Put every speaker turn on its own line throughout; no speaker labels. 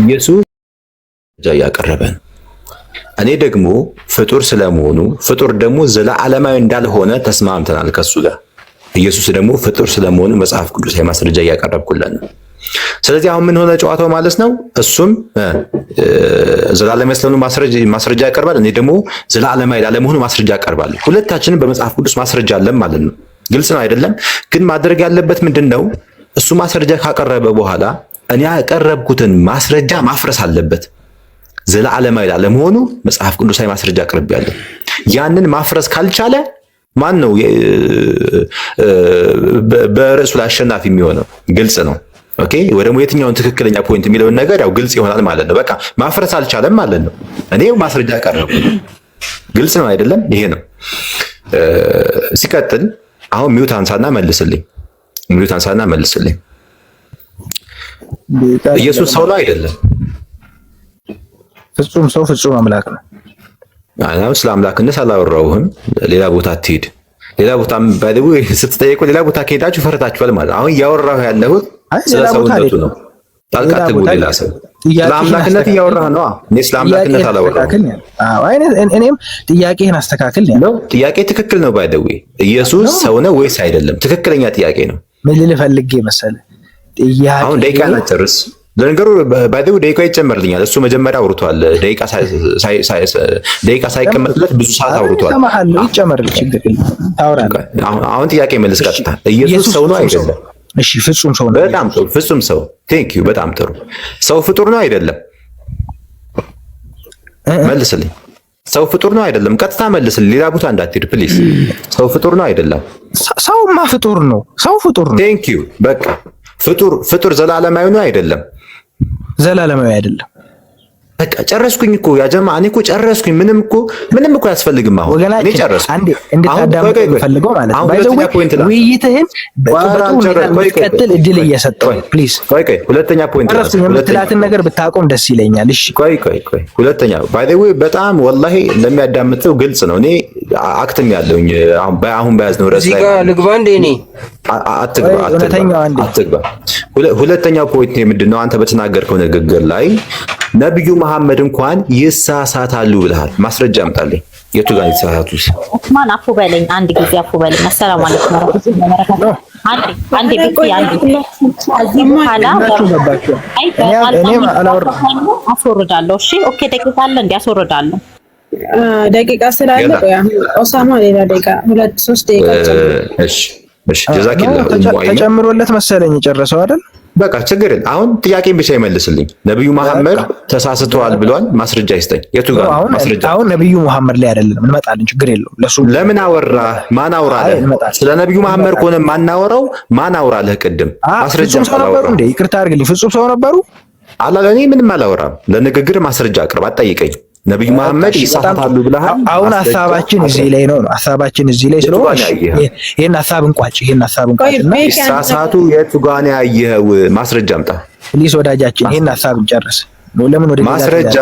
ኢየሱስ ያቀረበ ነው። እኔ ደግሞ ፍጡር ስለመሆኑ ፍጡር ደግሞ ዘላለማዊ እንዳልሆነ ተስማምተናል ከሱ ጋር። ኢየሱስ ደግሞ ፍጡር ስለመሆኑ መጽሐፍ ቅዱስ የማስረጃ እያቀረብኩለን ነው። ስለዚህ አሁን ምን ሆነ ጨዋታው ማለት ነው። እሱም ዘላለማዊ ስለሆኑ ማስረጃ ያቀርባል፣ እኔ ደግሞ ዘላለማዊ ላለመሆኑ ማስረጃ ያቀርባል። ሁለታችንም በመጽሐፍ ቅዱስ ማስረጃ አለን ማለት ነው። ግልጽ ነው አይደለም? ግን ማድረግ ያለበት ምንድን ነው? እሱ ማስረጃ ካቀረበ በኋላ እኔ ያቀረብኩትን ማስረጃ ማፍረስ አለበት። ዘለዓለማዊ ላለመሆኑ መጽሐፍ ቅዱሳዊ ማስረጃ አቅርቤያለሁ። ያንን ማፍረስ ካልቻለ ማን ነው በርዕሱ ላይ አሸናፊ የሚሆነው? ግልጽ ነው። ኦኬ ወይ ደግሞ የትኛውን ትክክለኛ ፖይንት የሚለውን ነገር ያው ግልጽ ይሆናል ማለት ነው። በቃ ማፍረስ አልቻለም ማለት ነው። እኔ ማስረጃ አቀረብኩ። ግልጽ ነው አይደለም? ይሄ ነው። ሲቀጥል አሁን ሚውት አንሳና መልስልኝ። ሚውት አንሳና መልስልኝ። ኢየሱስ ሰው ነው አይደለም?
ፍጹም ሰው ፍጹም አምላክ ነው።
አናም ስለ አምላክነት አላወራውህም። ሌላ ቦታ አትሄድ። ሌላ ቦታ ወይ ስትጠየቁ ሌላ ቦታ ከሄዳችሁ ፈርታችኋል ማለት። አሁን እያወራሁ ያለሁት ስለ ሰውነቱ ነው። ጣልቃ አትግቡ። ሌላ ሰው ስለ አምላክነት እያወራህ ነው። እኔ ስለ አምላክነት አላወራሁም።
እኔም ጥያቄህን አስተካክል ነው።
ጥያቄ ትክክል ነው። ባይ ዘ ወይ ኢየሱስ ሰው ነው ወይስ አይደለም? ትክክለኛ ጥያቄ ነው።
ምን ልፈልግ ፈልጌ መሰለህ
ጥያቄ ደቂቃ ናጨርስ ለነገሩ ባይደው ደቂቃ ይጨመርልኛል። እሱ መጀመሪያ አውርቷል። ደቂቃ ሳይቀመጥለት ብዙ ሰዓት አውርቷል። አሁን ጥያቄ መልስ ቀጥታ ኢየሱስ ሰው ነው አይደለም?
እሺ ፍጹም ሰው ነው።
በጣም ጥሩ ፍጹም ሰው ቴንክ ዩ። በጣም ጥሩ ሰው ፍጡር ነው አይደለም? መልስልኝ። ሰው ፍጡር ነው አይደለም? ቀጥታ መልስልኝ። ሌላ ቦታ እንዳትሄድ ፕሊዝ። ሰው ፍጡር ነው አይደለም?
ሰውማ ፍጡር ነው። ሰው ፍጡር ነው።
ቴንክ ዩ በቃ ፍጡር ፍጡር ዘላለማዊ ነው አይደለም?
ዘላለማዊ አይደለም።
በቃ ጨረስኩኝ እኮ ያ ጀማ፣ እኔ እኮ ጨረስኩኝ። ምንም እኮ ምንም እኮ አያስፈልግም። አሁን እኔ ጨረስኩ። አንዴ
እንድታዳምጥ ፈልገው ማለት ነው። ባይዘው ውይይትህን ቀጥል እድል እየሰጠው ፕሊዝ።
ቆይ ቆይ፣ ሁለተኛ ፖይንት
የምትላትን ነገር ብታቆም ደስ ይለኛል። እሺ
ቆይ ቆይ ቆይ፣ ሁለተኛ ባይዘው በጣም ወላሂ ለሚያዳምጠው ግልጽ ነው። እኔ አክትም ያለውኝ አሁን በያዝነው ረስ
ላይ እዚህ ጋር ልግባ እንደ እኔ
አትግባ። ሁለተኛው ፖይንት ምንድን ነው? አንተ በተናገርከው ንግግር ላይ ነቢዩ መሐመድ እንኳን ይሳሳታሉ ብለሃል። ማስረጃ አምጣልኝ። የቱ ጋር ይሳሳቱ?
ኡስማን አፉ በለኝ አንድ ጊዜ አፉ በለኝ። አሰላሙ አለይኩም አስወርዳለሁ። እሺ ኦኬ። ደቂቃ አለ እንዲ አስወርዳለሁ።
ደቂቃ ስላለ ኦሳማ ሌላ ደቂቃ ሁለት ሶስት ደቂቃ
እሺ እሺ
ጀዛኪላ ተጨምሮለት መሰለኝ የጨረሰው አይደል?
በቃ ችግርን አሁን ጥያቄን ብቻ ይመልስልኝ። ነብዩ መሐመድ ተሳስተዋል ብሏል፣ ማስረጃ ይስጠኝ። የቱ ጋር ማስረጃ?
አሁን ነብዩ መሐመድ ላይ አይደለም እንመጣለን፣ ችግር የለውም።
ለሱ ለምን አወራ? ማን አውራለህ? ስለ ነብዩ መሐመድ ከሆነ ማናወራው ማን አውራለህ? ቅድም ማስረጃ ነበሩ
እንዴ? ይቅርታ አድርግልኝ፣ ፍጹም ሰው ነበሩ።
አላ እኔ ምንም አላወራም። ለንግግር ማስረጃ አቅርብ፣ አትጠይቀኝ። ነብይ መሐመድ ይሳታሉ
ብለሃል። አሁን ሐሳባችን እዚህ ላይ ነው። ሐሳባችን እዚህ ላይ ስለሆነ ይሄን ሐሳብ እንቋጭ። ይሄን ሐሳብ እንቋጭ
እና ይሳሳቱ የቱ ጋር ነው ያየኸው? ማስረጃ አምጣ
ፕሊስ። ወዳጃችን ይሄን ሐሳብ እንጨርስ። ለምን ወደ ማስረጃ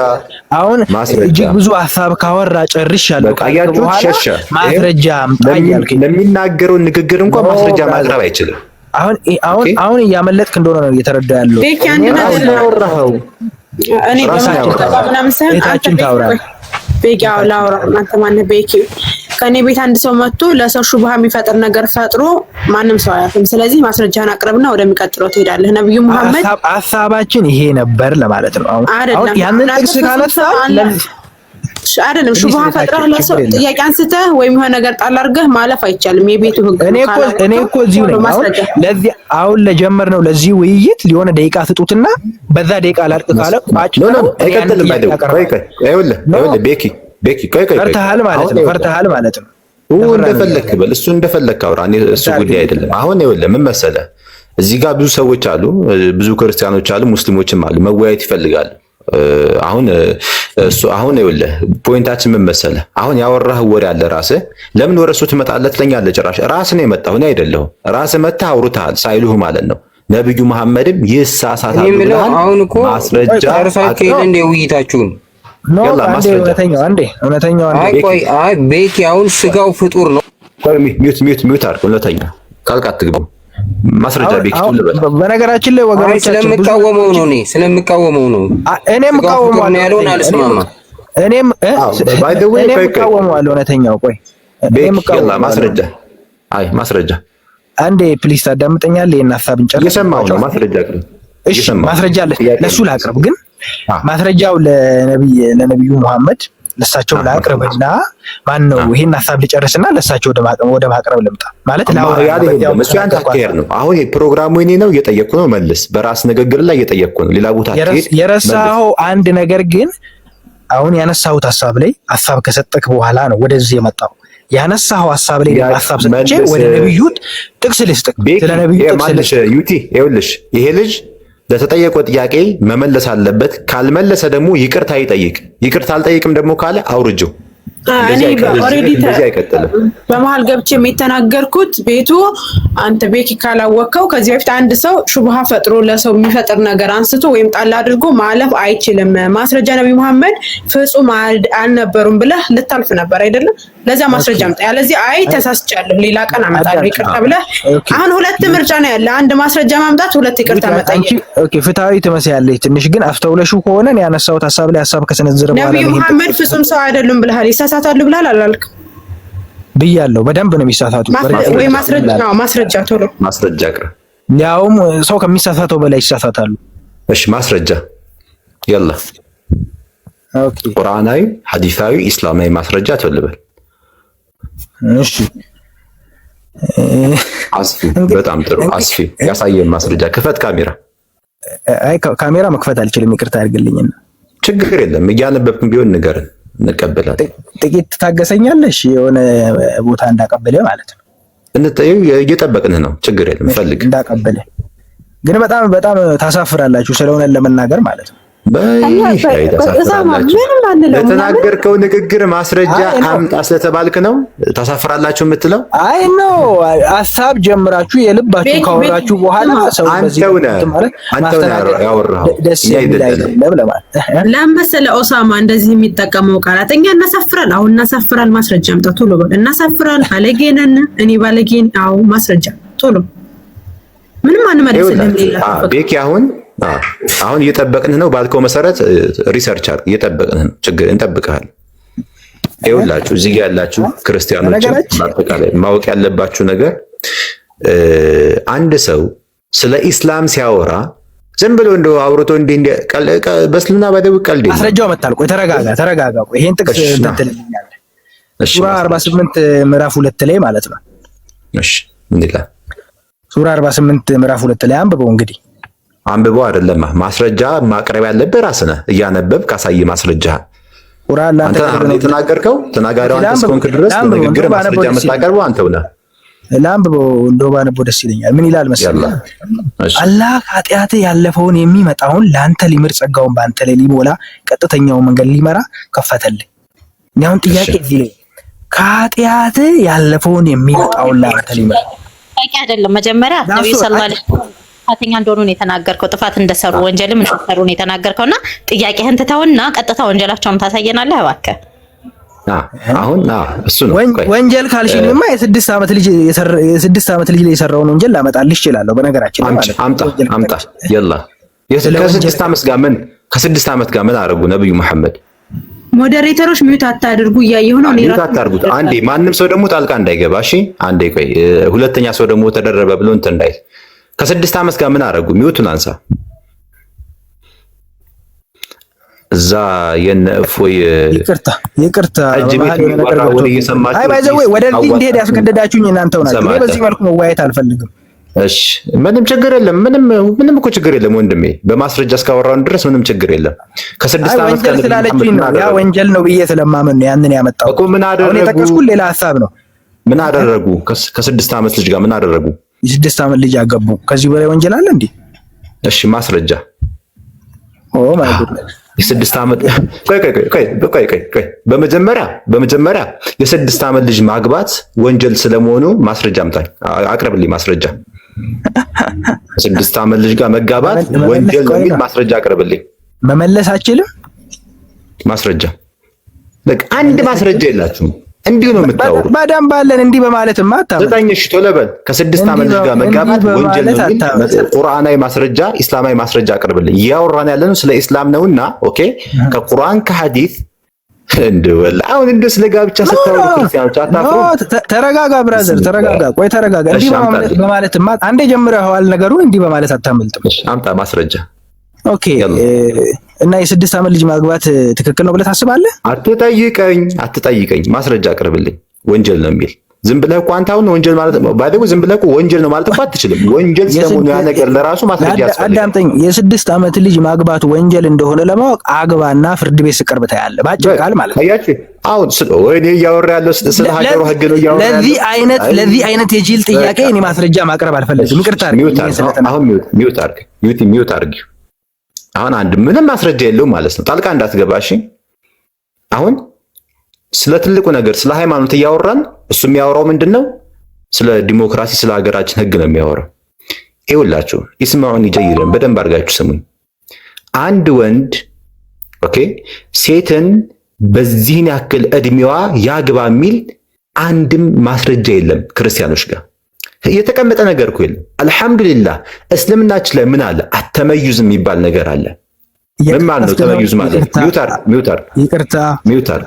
አሁን እጅግ ብዙ ሐሳብ ካወራ ጨርሽ ያለው
ያያችሁ ሸሸ።
ማስረጃ አምጣ
ያልከኝ ለሚናገረው ንግግር እንኳን ማስረጃ ማቅረብ አይችልም።
አሁን አሁን አሁን እያመለጥክ እንደሆነ ነው እየተረዳ ያለው። እኔ ታውራ
ሳይሆን ላውራ አንተ ማነህ ቤኪ ከእኔ ቤት አንድ ሰው መጥቶ ለሰው ሹብሃ የሚፈጥር ነገር ፈጥሮ ማንም ሰው አያፍም። ስለዚህ ማስረጃህን አቅርብና ወደሚቀጥለው ትሄዳለህ። ነብዩ መሐመድ
ሀሳባችን ይሄ ነበር ለማለት ነው። አሁን ያንን ጥቅስ ካነሳ
አይደለም ሹብሃ ፈጥረህ ለሰው ጥያቄ አንስተህ ወይም የሆነ ነገር ጣል አድርገህ ማለፍ አይቻልም። የቤቱ ህግ
እኔ እኮ እኔ እኮ እዚሁ ነኝ። ለዚህ አሁን ለጀመር ነው ለዚህ ውይይት ሊሆነ ደቂቃ ትጡትና በዛ ደቂቃ ላርቅ ካለ ቋጭ ነው። ነው አይቀጥልም ባይደው ማለት ነው። አይወለ አይወለ ቤኪ ቤኪ ቆይ ቆይ ፈርተሃል ማለት ነው። ፈርተሃል ማለት ነው።
እንደፈለክ በል እሱ እንደፈለክ አውራ። እኔ እሱ ጉዳይ አይደለም። አሁን አይወለ ምን መሰለህ፣ እዚህ ጋር ብዙ ሰዎች አሉ፣ ብዙ ክርስቲያኖች አሉ፣ ሙስሊሞችም አሉ፣ መወያየት ይፈልጋሉ አሁን እሱ አሁን ይኸውልህ ፖይንታችን ምን መሰለህ፣ አሁን ያወራህ ወሬ አለ ራስህ ለምን ወረሱ እሱ ትመጣለህ ትለኛለህ። ጭራሽ ራስህ ነው የመጣሁ እኔ አይደለሁም። ራስህ መጥተህ አውርተሃል ሳይሉህ ማለት ነው። ነብዩ መሐመድም ይሳሳታል
አሁን ብለሃል። ማስረጃ እንደ ውይይታችሁን
አሁን ስጋው ፍጡር ነው። ሚዩት ሚዩት ሚዩት አድርገው እውነተኛ ካልክ አትግባም ማስረጃ ቤክቱ ልበል።
በነገራችን ላይ
ወገኖች ስለምቃወመው ነው እኔ ስለምቃወመው ነው
እኔም እቃወማለሁ
ያለውን አልስማማ እኔም ባይ ዘ እኔም
እቃወማለሁ። እውነተኛው ቆይ
እኔም እቃወማለሁ። ማስረጃ አይ ማስረጃ
አንዴ ፕሊስ ታዳምጠኛለህ? ይሄን ሀሳብ እንጨርስ።
የሰማው ነው ማስረጃ አቅርብ።
እሺ ማስረጃ አለ ለሱ ላቅርብ፣ ግን ማስረጃው ለነብይ ለነብዩ መሐመድ ለሳቸው ላቅርብና ማን ነው ይሄን ሀሳብ ሊጨርስና ለሳቸው ወደ ማቅረብ ልምጣ ማለት
እሱ ያንተ አካሄድ ነው። አሁን ይሄ ፕሮግራሙ የእኔ ነው እየጠየቅኩ ነው፣ መልስ። በራስ ንግግር ላይ እየጠየቅኩ ነው። ሌላ ቦታ
የረሳኸው አንድ ነገር ግን አሁን ያነሳሁት ሀሳብ ላይ ሀሳብ ከሰጠክ በኋላ ነው ወደዚህ የመጣው ያነሳው ሀሳብ ላይ ሀሳብ ሰጥቼ ወደ ነብዩ ጥቅስ ልስጥቅ
ስለ ነብዩ ጥቅስ ልሽ ይሄ ልጅ ለተጠየቀው ጥያቄ መመለስ አለበት። ካልመለሰ ደግሞ ይቅርታ ይጠይቅ። ይቅርታ አልጠይቅም ደግሞ ካለ አውርጀው።
በመሀል ገብቼ የሚተናገርኩት ቤቱ አንተ ቤኪ ካላወቅከው ከዚህ በፊት አንድ ሰው ሹብሃ ፈጥሮ ለሰው የሚፈጥር ነገር አንስቶ ወይም ጣል አድርጎ ማለፍ አይችልም። ማስረጃ ነቢ መሐመድ ፍጹም አልነበሩም ብለህ ልታልፍ ነበር አይደለም? ለዚያ ማስረጃ አምጣ። ያለዚህ አይ ተሳስቻለሁ፣ ሌላ ቀን አመጣለሁ፣ ይቅርታ ብለህ አሁን ሁለት ምርጫ ነው ያለ፣ አንድ ማስረጃ ማምጣት፣ ሁለት ይቅርታ መጠየቅ።
ኦኬ ፍትሐዊ ትመስያለች ትንሽ ግን አስተውለሹ ከሆነ ያነሳሁት ሀሳብ ላይ ሀሳብ ከሰነዘረ
በኋላ ነቢ መሐመድ ፍጹም ሰው አይደሉም ብለሃል። ይሳሳታሉ ብላል አላልክ
ብያለሁ። በደንብ ነው የሚሳሳቱ።
ማስረጃ ቶሎ
ማስረጃ ቅርብ
ያውም ሰው ከሚሳሳተው በላይ ይሳሳታሉ።
እሺ ማስረጃ ያለ ኦኬ፣ ቁርአናዊ፣ ሐዲሳዊ፣ ኢስላማዊ ማስረጃ ትልበል። እሺ አስፊ፣ በጣም ጥሩ አስፊ። ያሳየን ማስረጃ ክፈት። ካሜራ
አይ ካሜራ መክፈት አልችልም፣ ይቅርታ አድርግልኝና።
ችግር የለም እያነበብን ቢሆን ንገርን። እንቀበላለን።
ጥቂት ትታገሰኛለሽ? የሆነ ቦታ እንዳቀበለ ማለት ነው።
እየጠበቅን ነው። ችግር የለም። ፈልግ
እንዳቀበለ ግን በጣም በጣም ታሳፍራላችሁ ስለሆነ ለመናገር ማለት ነው።
ለተናገርከው ንግግር ማስረጃ አምጣ ስለተባልክ ነው ታሳፍራላችሁ የምትለው?
አይ ኖ ሀሳብ ጀምራችሁ የልባችሁ ካወራችሁ በኋላ
ሰው
ለመሰለ ኦሳማ እንደዚህ የሚጠቀመው ቃላት እኛ እናሳፍራል። አሁን እናሳፍራል፣ ማስረጃ አምጣ ቶሎ በል። እናሳፍራል፣ ባለጌ እኔ ባለጌን። አዎ ማስረጃ ቶሎ ምንም አንመለስልም።
ቤኪ አሁን አሁን እየጠበቅንህ ነው ባልከው መሰረት ሪሰርች አድርግ። እየጠበቅንህ ነው። ችግር እንጠብቅሃል። ይኸውላችሁ እዚህ ያላችሁ ክርስቲያኖች አጠቃላይ ማወቅ ያለባችሁ ነገር አንድ ሰው ስለ ኢስላም ሲያወራ ዝም ብሎ እንደው አውርቶ እንዲህ እንዲህ በእስልምና ባደው ቀልድ
ማስረጃው መጣል። ቆይ ተረጋጋ፣ ተረጋጋ። ቆይ ይሄን ጥቅስ እንትን ሱራ 48 ምዕራፍ 2 ላይ ማለት ነው።
እሺ ምን ይላል?
ሱራ 48 ምዕራፍ 2 ላይ አንብበው እንግዲህ
አንብበው አይደለም ማስረጃ ማቅረብ ያለብህ ራስህ ነህ። እያነበብ ካሳይ ማስረጃ አንተ የተናገርከው ተናጋሪው አንተ እስከሆንክ ድረስ ንግግር ማስረጃ የምታቀርበው አንተው ነህ።
ለአንብበው እንደው ባነበው ደስ ይለኛል። ምን ይላል መሰለህ? አላህ ኃጢአት ያለፈውን የሚመጣውን ለአንተ ሊምር ጸጋውን በአንተ ላይ ሊሞላ ቀጥተኛው መንገድ ሊመራ ከፈተልህ። እኔ አሁን ጥያቄ እዚህ ላይ ከኃጢአት ያለፈውን የሚመጣውን ለአንተ ሊመራ
አይደለም መጀመሪያ ነብዩ ሰለላሁ ዐለይሂ ወሰለም ጥፋተኛ እንደሆኑ ነው የተናገርከው። ጥፋት እንደሰሩ ወንጀልም እንደሰሩ ነው የተናገርከው እና ጥያቄህን ትተውና ቀጥታ ወንጀላቸውን ታሳየናለህ እባክህ።
አሁን እሱ
ነው ወንጀል ካልሽኝማ የስድስት ዓመት ልጅ የስድስት ዓመት ልጅ ላይ የሰራውን ወንጀል ላመጣልሽ ይችላለሁ። በነገራችን
አምጣ አምጣ የላ ከስድስት ዓመት ጋር ምን ከስድስት ዓመት ጋር ምን አደረጉ ነብዩ መሐመድ
ሞዴሬተሮች ሚዩት አታድርጉ፣ እያየሁ
ነው። ሚዩት አታድርጉት። አንዴ ማንም ሰው ደግሞ ጣልቃ እንዳይገባ እሺ። አንዴ ቆይ፣ ሁለተኛ ሰው ደግሞ ተደረበ ብሎ እንትን እንዳይል ከስድስት ዓመት ጋር ምን አደረጉ? ሚውቱን አንሳ። እዛ የነ እፎይ
ይቅርታ ይቅርታ፣ ወደዚህ እንዲሄድ ያስገደዳችሁኝ እናንተው ናችሁ። እኔ በዚህ መልኩ መወያየት አልፈልግም።
እሺ ምንም ችግር የለም። ምንም ምንም እኮ ችግር የለም ወንድሜ፣ በማስረጃ እስካወራን ድረስ ምንም ችግር የለም። ከስድስት ዓመት ጋር ስላለችኝ
ነው ያ ወንጀል ነው ብዬ ስለማመን ነው ያንን ያመጣው
እኮ። ምን አደረጉ? ሌላ ሀሳብ ነው። ምን አደረጉ? ከስድስት ዓመት ልጅ ጋር ምን አደረጉ?
የስድስት ዓመት ልጅ አገቡ። ከዚህ በላይ ወንጀል አለ እንዴ?
እሺ ማስረጃ። ኦ ማይ ጉድ የስድስት ዓመት በመጀመሪያ በመጀመሪያ የስድስት ዓመት ልጅ ማግባት ወንጀል ስለመሆኑ ማስረጃ አምጣኝ፣ አቅርብልኝ ማስረጃ። ስድስት ዓመት ልጅ ጋር መጋባት ወንጀል ነው የሚል ማስረጃ አቅርብልኝ።
መመለስ አችልም
ማስረጃ። አንድ ማስረጃ የላችሁም። እንዲሁ ነው የምታወሩት።
ማዳም ባለን እንዲህ በማለትማ
አታመጣም። ዘጠኝሽ ቶሎ በል ከስድስት ዓመት ጋር መጋባት ወንጀል ነው። ቁርአናዊ ማስረጃ፣ ኢስላማዊ ማስረጃ አቅርብልኝ። እያወራን ያለነው ስለ ኢስላም ነውና፣ ኦኬ ከቁርአን ከሐዲስ እንደወል አሁን እንደ ስለ ጋብቻ ስታወሩ
ክርስቲያኖች አታፍሩ። ተረጋጋ ብራዘር፣ ተረጋጋ። ቆይ ተረጋጋ። እንዲህ በማለት በማለት ማታ አንዴ ጀምረኸዋል ነገሩን። እንዲህ በማለት አታመልጥም።
አምጣ ማስረጃ።
ኦኬ እና የስድስት ዓመት ልጅ ማግባት ትክክል ነው ብለህ ታስባለህ?
አትጠይቀኝ አትጠይቀኝ፣ ማስረጃ አቅርብልኝ። ወንጀል ነው የሚል ዝም ብለህ እኮ አንተ አሁን ወንጀል ማለት ባይደው ዝም ብለህ እኮ ወንጀል ነው ማለት እኮ አትችልም። ወንጀል ስለሆነ ያ ነገር ለራሱ ማስረጃ ያስፈልጋል።
አዳምጠኝ። የስድስት ዓመት ልጅ ማግባት ወንጀል እንደሆነ ለማወቅ አግባና ፍርድ ቤት ስቀርብ ታያለህ። ባጭር ቃል
ማለት አያችሁ። አሁን ወይኔ እያወራ ያለው ስለ ሀገሩ
ህግ ነው እያወራ ያለው። ለዚህ አይነት ለዚህ አይነት የጅል ጥያቄ እኔ ማስረጃ ማቅረብ አልፈለግም። ይቅርታ አድርግ።
አሁን ሚውት ሚውት አድርግ ሚውት ሚውት አድርግ አሁን አንድ ምንም ማስረጃ የለውም ማለት ነው። ጣልቃ እንዳትገባ እሺ። አሁን ስለ ትልቁ ነገር ስለ ሃይማኖት እያወራን እሱ የሚያወራው ምንድን ነው? ስለ ዲሞክራሲ፣ ስለ ሀገራችን ህግ ነው የሚያወራው። ይውላችሁ ይስማዑን ይጀይረን፣ በደንብ አድርጋችሁ ስሙኝ። አንድ ወንድ ኦኬ፣ ሴትን በዚህን ያክል እድሜዋ ያግባ የሚል አንድም ማስረጃ የለም ክርስቲያኖች ጋር የተቀመጠ ነገር እኮ የለም። አልሐምዱሊላህ እስልምናችን ላይ ምን አለ? አተመዩዝ የሚባል ነገር አለ። ምን ማለት ነው ተመዩዝ ማለት? ሚውታር ሚውታር ይቅርታ ሚውታር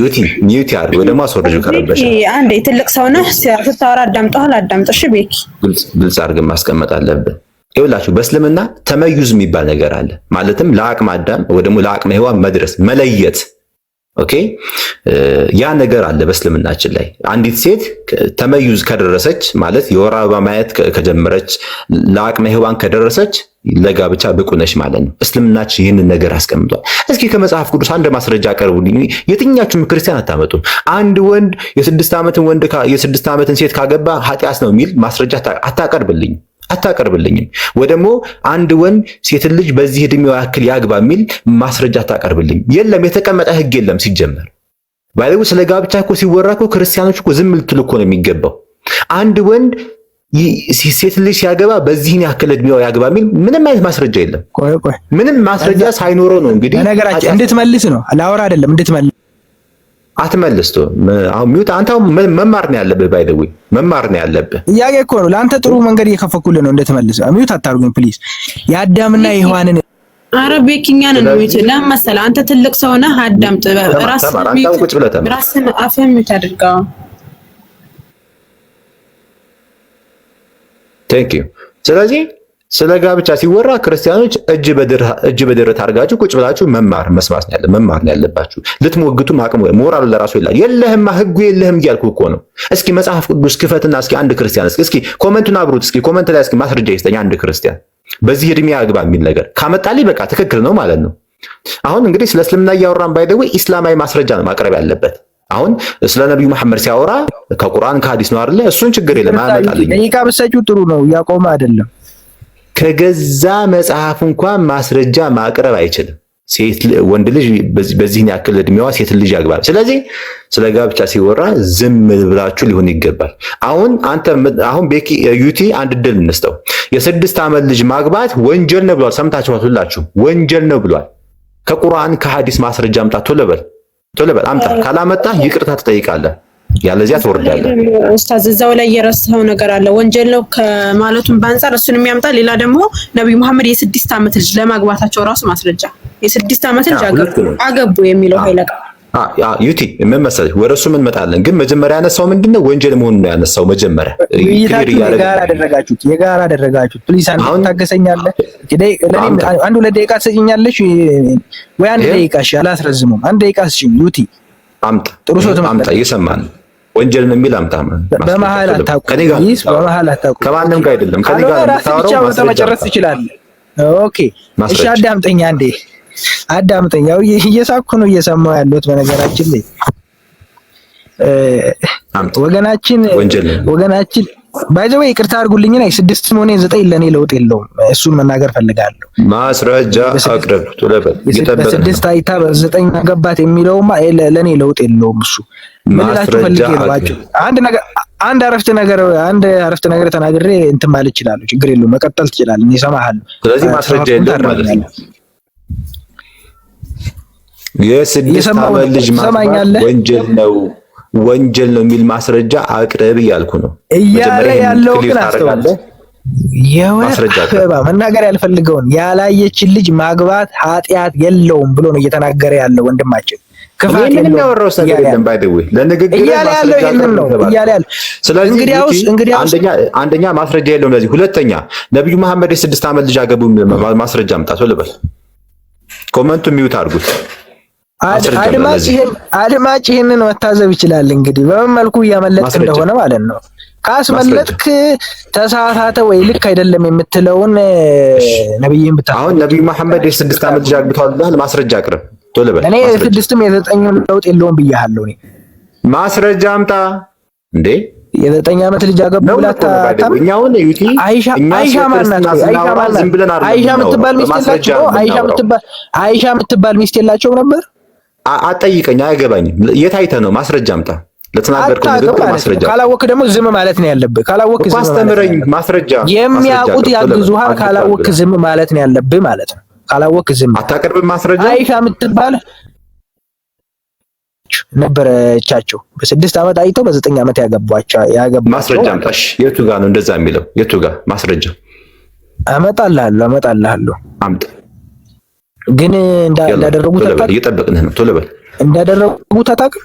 ዩቲ ሚውታር ወይ ደግሞ አስወርጁ ከረበሽ
አንዴ። ትልቅ ሰው ነህ ስታወራ አዳምጠሃል። አዳምጥሽ ቤኪ
ግልጽ አድርገን ማስቀመጥ አለብን። ይኸውላችሁ በእስልምና ተመዩዝ የሚባል ነገር አለ። ማለትም ለአቅመ አዳም ወይ ደግሞ ለአቅመ ሔዋን መድረስ መለየት ኦኬ ያ ነገር አለ በእስልምናችን ላይ አንዲት ሴት ተመዩዝ ከደረሰች ማለት የወር አበባ ማየት ከጀመረች ለአቅመ ሔዋን ከደረሰች ለጋብቻ ብቁ ነች ማለት ነው። እስልምናችን ይህንን ነገር አስቀምጧል። እስኪ ከመጽሐፍ ቅዱስ አንድ ማስረጃ ቀርቡልኝ። የትኛችሁም ክርስቲያን አታመጡም። አንድ ወንድ የስድስት ዓመትን ወንድ የስድስት ዓመትን ሴት ካገባ ኃጢአት ነው የሚል ማስረጃ አታቀርብልኝ። አታቀርብልኝም። ወይ ደግሞ አንድ ወንድ ሴትን ልጅ በዚህ እድሜው ያክል ያግባ የሚል ማስረጃ አታቀርብልኝ የለም የተቀመጠ ህግ የለም። ሲጀመር ባይደው ስለ ጋብቻ እኮ ሲወራ እኮ ክርስቲያኖች እኮ ዝም ልትሉ እኮ ነው የሚገባው። አንድ ወንድ ሴት ልጅ ሲያገባ በዚህን ያክል እድሜው ያግባ የሚል ምንም አይነት ማስረጃ የለም። ምንም ማስረጃ ሳይኖረው ነው
እንግዲህ ነገራችን እንድትመልስ ነው ላወራ አይደለም እንድትመልስ
አትመልስቶ አሁን አንተ መማር ነው ያለብህ። ባይደዊ መማር ነው ያለብህ።
ጥያቄ እኮ ነው ለአንተ ጥሩ መንገድ እየከፈኩልህ ነው እንደተመልሰ ሚዩት አታርጉኝ ፕሊዝ። የአዳምና የሔዋንን
አረ ቤኪኛን ነው ሚዩት ለምን መሰለህ? አንተ ትልቅ ሰው ነህ። አዳም ጥበብ ራስን አፍህን ሚዩት አድርገው።
ቴንክ ዩ ስለዚህ ስለ ጋብቻ ሲወራ ክርስቲያኖች እጅ በድር ታርጋችሁ ቁጭ ብላችሁ መማር መስማት ነው ያለ መማር ነው ያለባችሁ። ልትሞግቱ አቅሙ ሞራሉ ለራሱ ይላል። የለህማ ህጉ የለህም እያልኩ እኮ ነው። እስኪ መጽሐፍ ቅዱስ ክፈትና እስኪ አንድ ክርስቲያን እስኪ እስኪ ኮመንቱን አብሩት እስኪ ኮመንት ላይ እስኪ ማስረጃ ይስጠኝ አንድ ክርስቲያን በዚህ እድሜ አግባ የሚል ነገር ካመጣልኝ በቃ ትክክል ነው ማለት ነው። አሁን እንግዲህ ስለ እስልምና እያወራን ባይደው ኢስላማዊ ማስረጃ ነው ማቅረብ ያለበት። አሁን ስለ ነቢዩ መሐመድ ሲያወራ ከቁርአን ከሀዲስ ነው አይደለ? እሱን ችግር የለም
አያመጣልኝ ጥሩ ነው ያቆመ አይደለም
ከገዛ መጽሐፍ እንኳን ማስረጃ ማቅረብ አይችልም። ሴት ወንድ ልጅ በዚህን ያክል እድሜዋ ሴት ልጅ ያግባል። ስለዚህ ስለ ጋብቻ ሲወራ ዝም ብላችሁ ሊሆን ይገባል። አሁን አንተ አሁን ቤኪ ዩቲ አንድ ድል እንስጠው። የስድስት ዓመት ልጅ ማግባት ወንጀል ነው ብሏል። ሰምታችኋል ሁላችሁ፣ ወንጀል ነው ብሏል። ከቁርአን ከሐዲስ ማስረጃ አምጣ። ቶሎ በል ቶሎ በል አምጣ። ካላመጣ ይቅርታ ትጠይቃለህ። ያለዚያ ትወርዳለህ።
ኡስታዝ እዛው ላይ የረሳኸው ነገር አለ። ወንጀል ነው ከማለቱም በአንጻር እሱን የሚያምጣ ሌላ ደግሞ ነቢዩ መሐመድ የስድስት ዓመት ልጅ ለማግባታቸው ራሱ ማስረጃ የስድስት ዓመት ልጅ አገቡ የሚለው ኃይለ
ዩቲ ምን መሰለሽ፣ ወደ እሱ ምን ግን መጀመሪያ ያነሳው ምንድነው ወንጀል መሆኑን ነው ያነሳው። መጀመሪያ
የጋራ አደረጋችሁት፣ የጋራ አደረጋችሁት። ፕሊዝ አንድ ታገሰኛለህ፣ አንድ ሁለት ደቂቃ ትሰጪኛለሽ ወይ? አንድ ደቂቃ እሺ፣ አላስረዝመውም። አንድ ደቂቃ እሺ። ዩቲ
አምጣ፣ ጥሩ ሰው አምጣ፣ እየሰማን ወንጀልን የሚል አምጣ።
በመሀል አታውቁም።
ከማንም ጋር አይደለም።
ከኔ ጋር ራስህ ብቻ መጨረስ ትችላለህ። ኦኬ እሺ፣ አዳምጠኝ አንዴ አዳምጠኝ። ያው እየሳኩ ነው እየሰማሁ ያለሁት። በነገራችን ላይ ወገናችን ወገናችን ባይዘው ይቅርታ አድርጉልኝ ላይ ስድስት ሆነ ዘጠኝ ለኔ ለውጥ የለውም። እሱን መናገር ፈልጋለሁ።
ማስረጃ አቅርብ።
በስድስት አይታ በዘጠኝ ገባት የሚለውማ ለኔ ለውጥ የለውም እሱ
ምንላቸው ፈልጌ
አንድ ነገር አንድ አረፍተ ነገር አንድ አረፍተ ነገር ተናግሬ እንትን ማለት ይችላሉ። ችግር የለውም። መቀጠል ትችላለህ። እኔ እሰማሃለሁ።
ስለዚህ ማስረጃ የለም ማለት ነው። የስድስት ዓመት ልጅ ማግባት ወንጀል ነው ወንጀል ነው የሚል ማስረጃ አቅርብ እያልኩ ነው
እያለ ያለው የወባ መናገር ያልፈልገውን ያላየችን ልጅ ማግባት ኃጢአት የለውም ብሎ ነው እየተናገረ ያለው ወንድማችን።
አንደኛ ማስረጃ የለውም ለዚህ። ሁለተኛ ነቢዩ መሐመድ የስድስት ዓመት ልጅ አገቡ ማስረጃ አምጣ ልበል። ኮመንቱ የሚዩት አድርጉት።
አድማጭ ይህንን መታዘብ ይችላል። እንግዲህ በምን መልኩ እያመለጥክ እንደሆነ ማለት ነው። ካስመለጥክ ተሳሳተ ወይ ልክ አይደለም የምትለውን ነብይን ብታ
አሁን ነቢዩ መሐመድ የስድስት ዓመት ልጅ አግብተዋል ብለሃል። ማስረጃ አቅርብ።
ቶሎ በል። እኔ ስድስቱም የዘጠኙን ለውጥ የለውም ብያለሁ። እኔ
ማስረጃ አምጣ እንዴ
የዘጠኝ ዓመት ልጅ አገባ ዩቲ አይሻ ማናት? አይሻ የምትባል ሚስት የላቸው አይሻ አይሻ ሚስት ነበር።
አጠይቀኝ፣ አያገባኝም። የት አይተህ ነው? ማስረጃ አምጣ። ለተናገርከው ንግግር
ማስረጃ። ደግሞ ዝም ማለት ነው ያለብህ። ካላወክ ዝም
አስተምረኝ። ማስረጃ
የሚያውቁት ያግዙሃል። ካላወክ ዝም ማለት ነው ያለብህ ማለት ነው። ካላወቅ ዝም አታቀርብ። ማስረጃ አይሻ የምትባል ነበረቻቸው በስድስት ዓመት አይተው በዘጠኝ ዓመት ያገቧቸው
ያገቧቸው። ማስረጃ አምጣሽ። የቱ ጋር ነው እንደዛ የሚለው? የቱ ጋር ማስረጃ?
አመጣልሃለሁ፣ አመጣልሃለሁ። አምጥ። ግን እንዳደረጉት
አታውቅም። እየጠበቅንህ ነው። ቶሎ በል።
እንዳደረጉት አታውቅም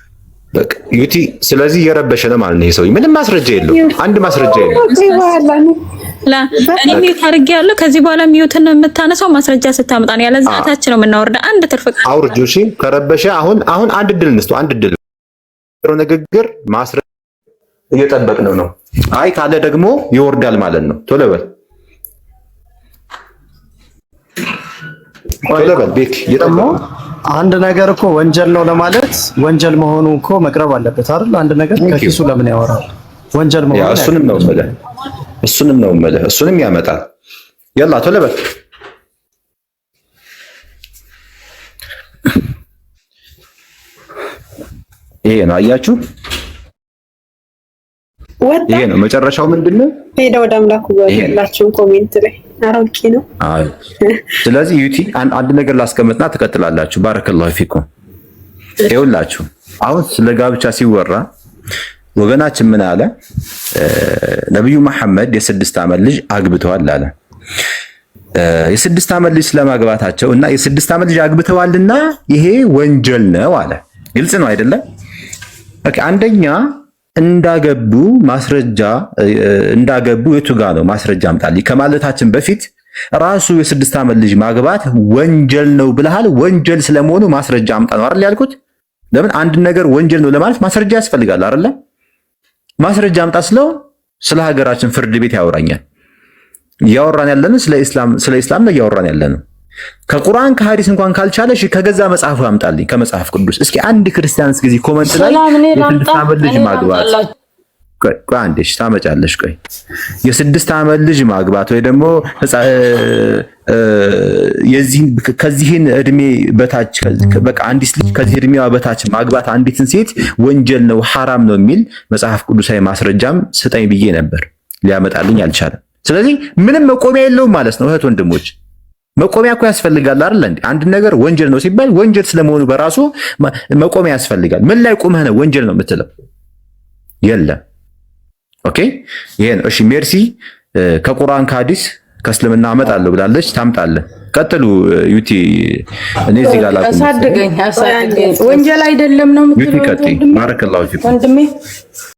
ዩቲ ስለዚህ እየረበሸ ነው ማለት ነው። ይሄ የሰውዬው ምንም ማስረጃ የለውም። አንድ ማስረጃ የለውም።
እኔ ሚዩት አድርጌ ያለው ከዚህ በኋላ ሚዩትን የምታነሳው ማስረጃ ስታመጣ ነው። ያለዛ እታች ነው የምናወርደ። አንድ ትርፍ
አውርጆ እሺ። ከረበሸ አሁን አሁን አንድ ድል እንስጡ። አንድ ድል ንግግር ማስረጃ እየጠበቅነው ነው። አይ ካለ ደግሞ ይወርዳል ማለት ነው። ቶሎ በል ቶሎ በል
ቤት እየጠበቅነው አንድ ነገር እኮ ወንጀል ነው ለማለት ወንጀል መሆኑ እኮ መቅረብ አለበት አይደል? አንድ ነገር ከኪሱ ለምን ያወራል?
ወንጀል መሆኑ እሱንም ነው የምልህ፣ እሱንም ነው የምልህ፣ እሱንም ያመጣል። ያላ ቶሎ በል ይሄ ነው አያችሁ፣ ይሄ ነው መጨረሻው። ምንድን ነው
ሄደ ወደ አምላኩ ጋር ያላችሁን ኮሜንት ላይ አሮቂ ነው።
ስለዚህ ዩቲ አንድ ነገር ላስቀምጥና ትቀጥላላችሁ። ባረከላሁ ፊኩም። ይኸውላችሁ አሁን ስለ ጋብቻ ሲወራ ወገናችን ምን አለ? ነብዩ መሐመድ የስድስት ዓመት ልጅ አግብተዋል አለ። የስድስት ዓመት ልጅ ስለማግባታቸው እና የስድስት ዓመት ልጅ አግብተዋልና ይሄ ወንጀል ነው አለ። ግልጽ ነው አይደለም? አንደኛ እንዳገቡ ማስረጃ እንዳገቡ የቱ ጋ ነው ማስረጃ አምጣልኝ ከማለታችን በፊት ራሱ የስድስት ዓመት ልጅ ማግባት ወንጀል ነው ብለሃል። ወንጀል ስለመሆኑ ማስረጃ አምጣ ነው አይደል ያልኩት? ለምን አንድ ነገር ወንጀል ነው ለማለት ማስረጃ ያስፈልጋል አይደለ? ማስረጃ አምጣ ስለው ስለ ሀገራችን ፍርድ ቤት ያወራኛል። እያወራን ያለንን ስለ ኢስላም ነው እያወራን ያለነው ከቁርአን ከሐዲስ እንኳን ካልቻለሽ ከገዛ መጽሐፉ ያምጣልኝ ከመጽሐፍ ቅዱስ። እስኪ አንድ ክርስቲያንስ ጊዜ ኮመንት
ላይ የስድስት
ዓመት ልጅ ማግባት ቆይ አንዴ ታመጫለሽ። ቆይ የስድስት ዓመት ልጅ ማግባት ወይ ደግሞ ከዚህን እድሜ በታች በቃ አንዲት ልጅ ከዚህ እድሜዋ በታች ማግባት አንዲትን ሴት ወንጀል ነው ሐራም ነው የሚል መጽሐፍ ቅዱሳዊ ማስረጃም ስጠኝ ብዬ ነበር፣ ሊያመጣልኝ አልቻለም። ስለዚህ ምንም መቆሚያ የለውም ማለት ነው እህት ወንድሞች መቆሚያ እኮ ያስፈልጋል አይደል እንዴ? አንድ ነገር ወንጀል ነው ሲባል ወንጀል ስለመሆኑ በራሱ መቆሚያ ያስፈልጋል። ምን ላይ ቁመህ ነው ወንጀል ነው የምትለው? የለም። ኦኬ፣ ይሄን እሺ። ሜርሲ ከቁርአን ከሐዲስ ከእስልምና አመጣለሁ ብላለች። ታምጣለህ። ቀጥሉ ዩቲ። እኔ እዚህ ጋር ላቁም።
አሳድገኝ፣ አሳድገኝ። ወንጀል አይደለም ነው
የምትለው። ዩቲ ቀጥይ። ባረከላሁ ፊኩም ወንድሜ